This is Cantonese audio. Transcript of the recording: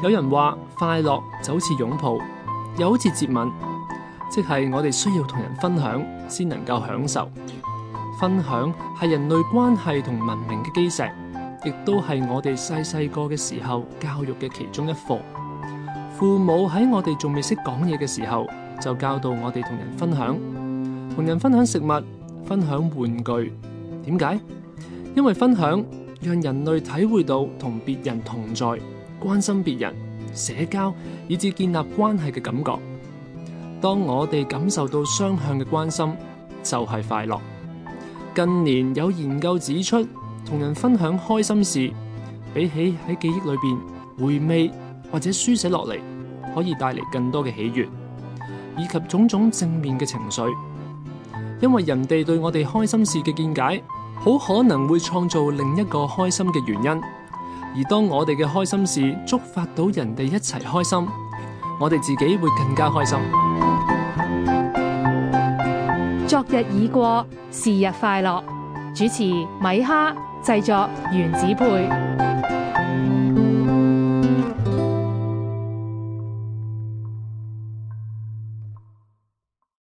有人話快樂就好似擁抱，又好似接吻，即係我哋需要同人分享先能夠享受。分享係人類關係同文明嘅基石，亦都係我哋細細個嘅時候教育嘅其中一課。父母喺我哋仲未識講嘢嘅時候，就教導我哋同人分享，同人分享食物，分享玩具。點解？因為分享讓人類體會到同別人同在。關心別人、社交以至建立關係嘅感覺，當我哋感受到雙向嘅關心，就係快樂。近年有研究指出，同人分享開心事，比起喺記憶裏邊回味或者書寫落嚟，可以帶嚟更多嘅喜悅以及種種正面嘅情緒。因為人哋對我哋開心事嘅見解，好可能會創造另一個開心嘅原因。而當我哋嘅開心事觸發到人哋一齊開心，我哋自己會更加開心。昨日已過，是日快樂。主持米哈，製作原子配。